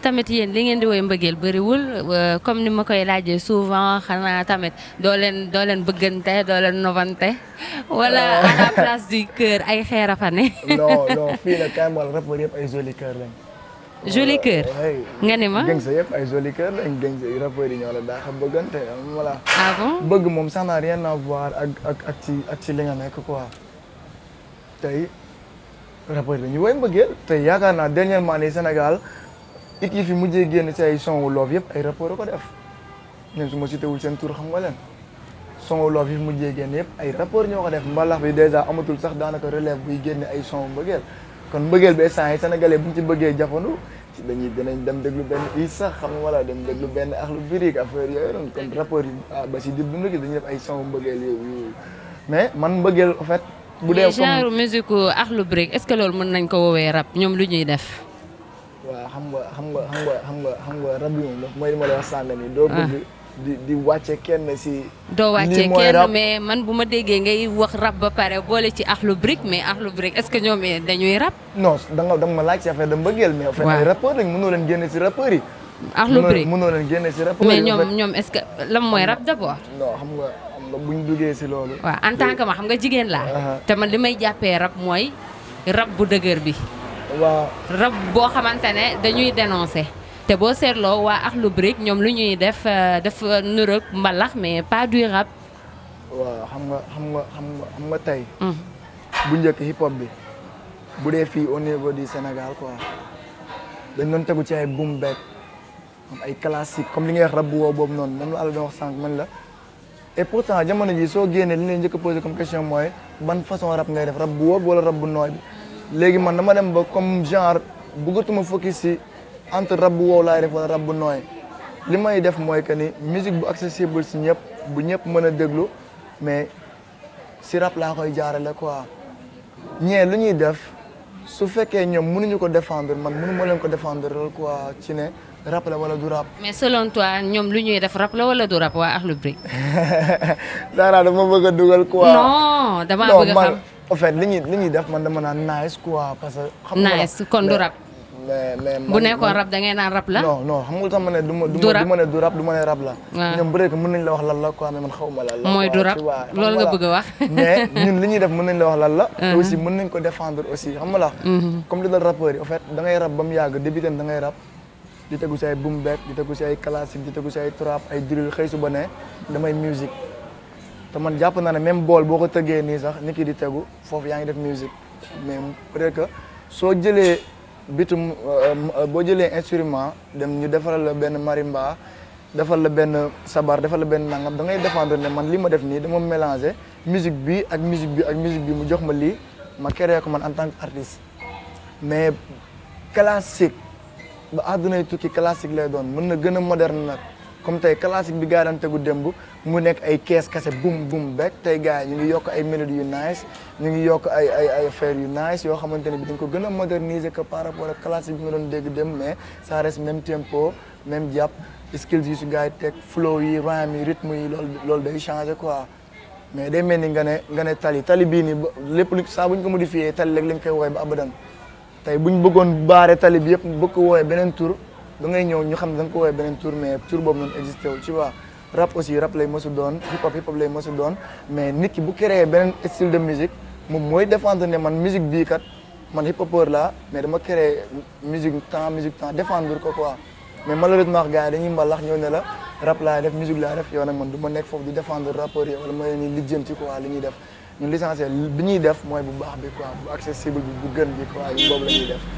tamit yéen li ngeen di woy mbëggeel bëriwul euh, comme ni ma koy laajee souvent xanaa tamit doo leen doo bëggante doo leen novante wala euh. à place du cœur ay xeer a fa ne. non non fii la kaay mal yëpp ay joli cœur lañ. joli cœur nga ne ma. geng sa yëpp ay joli cœur lañ geng sa rappeurs yi ñoo la daa xam ah bëgg moom ça ak ak ak ak ci li nekk quoi tey rappeurs yi dañuy woy mbëggeel tey yaakaar naa dernièrement ni Sénégal. it yi fi mujjee génn ci ay son wu love yëpp ay rappeurs ko def même su ma cité wul seen tur xam nga leen son wu yi fi mujjee génn yëpp ay rappeurs ñoo ko def mbalax bi dèjà amatul sax daanaka relève buy génne ay son mbëggeel kon mbëggeel bi instant yi sénégalais bu ñu ci bëggee jafandu ci dañuy dinañ dem déglu benn is sax xam nga wala dem déglu benn axlu birik affaire yooyu noonu yi ah, ba si dib dund gi dañuy def ay son mbëggeel yooyu mais man mbëggeel en fait bu dee genre musique axlu birik est ce que loolu mën nañ ko woowee rap ñoom lu ñuy def waaw xam nga xam nga xam xam nga xam nga rab yi moom mooy li ma la wax sànq nii doo bëgg ah. di wàcce kenn si doo wàcce kenn mais man bu ma déggee ngay wax rab ba pare boole ci axlu brique mais axlu brique est-ce que ñoom eh, da nga da nga ma laaj da mbëggeel mais affaire ay rappeur lañ mënoo leen génne si rappeur yi axlu si rappeur mais ñoom ñoom est-ce que lan mooy rab d'abord non xam nga xam nga buñ duggee si loolu waaw en tant que ma xam nga jigéen laa ah. te man li may jàppee rab mooy rab bu dëgër bi waaw rab boo xamante ne dañuy dénoncer. te boo seetloo waa Akhlou Brick ñoom lu ñuy def euh, def euh, nuroog mbalax mais pas du rap. waaw xam nga xam nga xam nga xam tey. Mm. bu njëkk hip hop bi bu dee fii au niveau du Sénégal quoi dañ doon tegu ci ay boom bap ay classique comme li ngay wax rab bu woo boobu noonu moom la àll doon wax sànq man la. et pourtant jamono ji soo génnee li ñu njëkk a posé comme question mooy ban façon rap ngay def rab bu woo wala rab bu nooy bi. léegi man na ma dem ba comme genre bëggatuma focus si entre rab bu wow laay def wala rab bu nooy li may def mooy que ni musique bu accessible si ñëpp bu ñëpp mën a déglu mais si rab laa koy jaarale quoi ñee lu ñuy def su fekkee ñoom mënuñu ko défendre man mënu ma leen ko défendre loolu quoi ci ne rap la wala du rab mais selon toi ñoom lu ñuy def rap la wala du rap waa Akhlou Brick. daanaka en fait li ñuy li ñuy def man dama naan nice quoi parce que. xam nga nice kon du rap. mais mais bu nekkoon rap da ngay naan rap la. non non xam nga ma ne du ma du ma ne du rap du ma ne mën nañ la wax lan la quoi mais xaw ma lan la. mooy du rap loolu nga bëgg a wax. mais ñun li ñuy def mën nañ la wax lan la. te uh-huh. aussi mën nañ ko défendre aussi xam nga la. Mm-hmm. comme li dal rappeurs yi en fait da ngay rap ba mu yàgg débuté da ngay rap. di tegu si ay boom bap di tegu si ay classique di tegu si ay trap ay drill xëy su ne damay musique. te man jàpp naa ne même bool boo ko tëggee nii sax nit kii di tegu foofu yaa ngi def musique mais peut que soo jëlee bitum euh, boo jëlee instrument dem ñu defaral la benn marimba defal la benn sabar defal la benn nangam da ngay défendre ne man li ma def nii dama mélanger musique bi ak musique bi ak musique bi mu jox ma lii ma keree ko man en tant que artiste mais classique ba àdduna tukki classique lay doon mën na gën a moderne nag comme tey classique bi gaa daan tegu démb mu nekk ay kees kase bum bum beeg tey gars yi ñu ngi yokk ay mélodies yu nice ñu ngi yokk ay ay ay affaires yu nice yoo xamante ne bi dañ ko gën a moderniser que par rapport a classique bi nga doon dégg dem mais ça reste même tempo même jàpp skills yi su gars yi teg flow yi rhyme yi rythme yi loolu loolu day changé quoi mais day mel ni nga ne nga ne tali tali bii nii ba lépp lu saa bu ñu ko modifié tali rek lañ koy woowee ba abadan tey bu ñu bëggoon baare tali bi yëpp bëgg ko woowee beneen tur ba ngay ñëw ñu xam ne da nga ko beneen tour mais tour boobu noonu existé wul tu vois rap aussi rap lay mosu doon hip hop hip hop lay mosu doon mais nit ki bu créé beneen style de musique moom mooy défendre ne man musique bii kat man hip hopeur mais dama créé musique temps musique temps défendre ko quoi mais malheureusement gars yi dañuy mbalax ñëw ne la rap laay def musique laay def yow nag man du ma nekk foofu di défendre rappeurs yi wala ma leen di lijjanti quoi li ñuy def ñun l'essentiel bi ñuy def mooy bu baax bi quoi bu accessible bi bu gën bi quoi boobu la ñuy def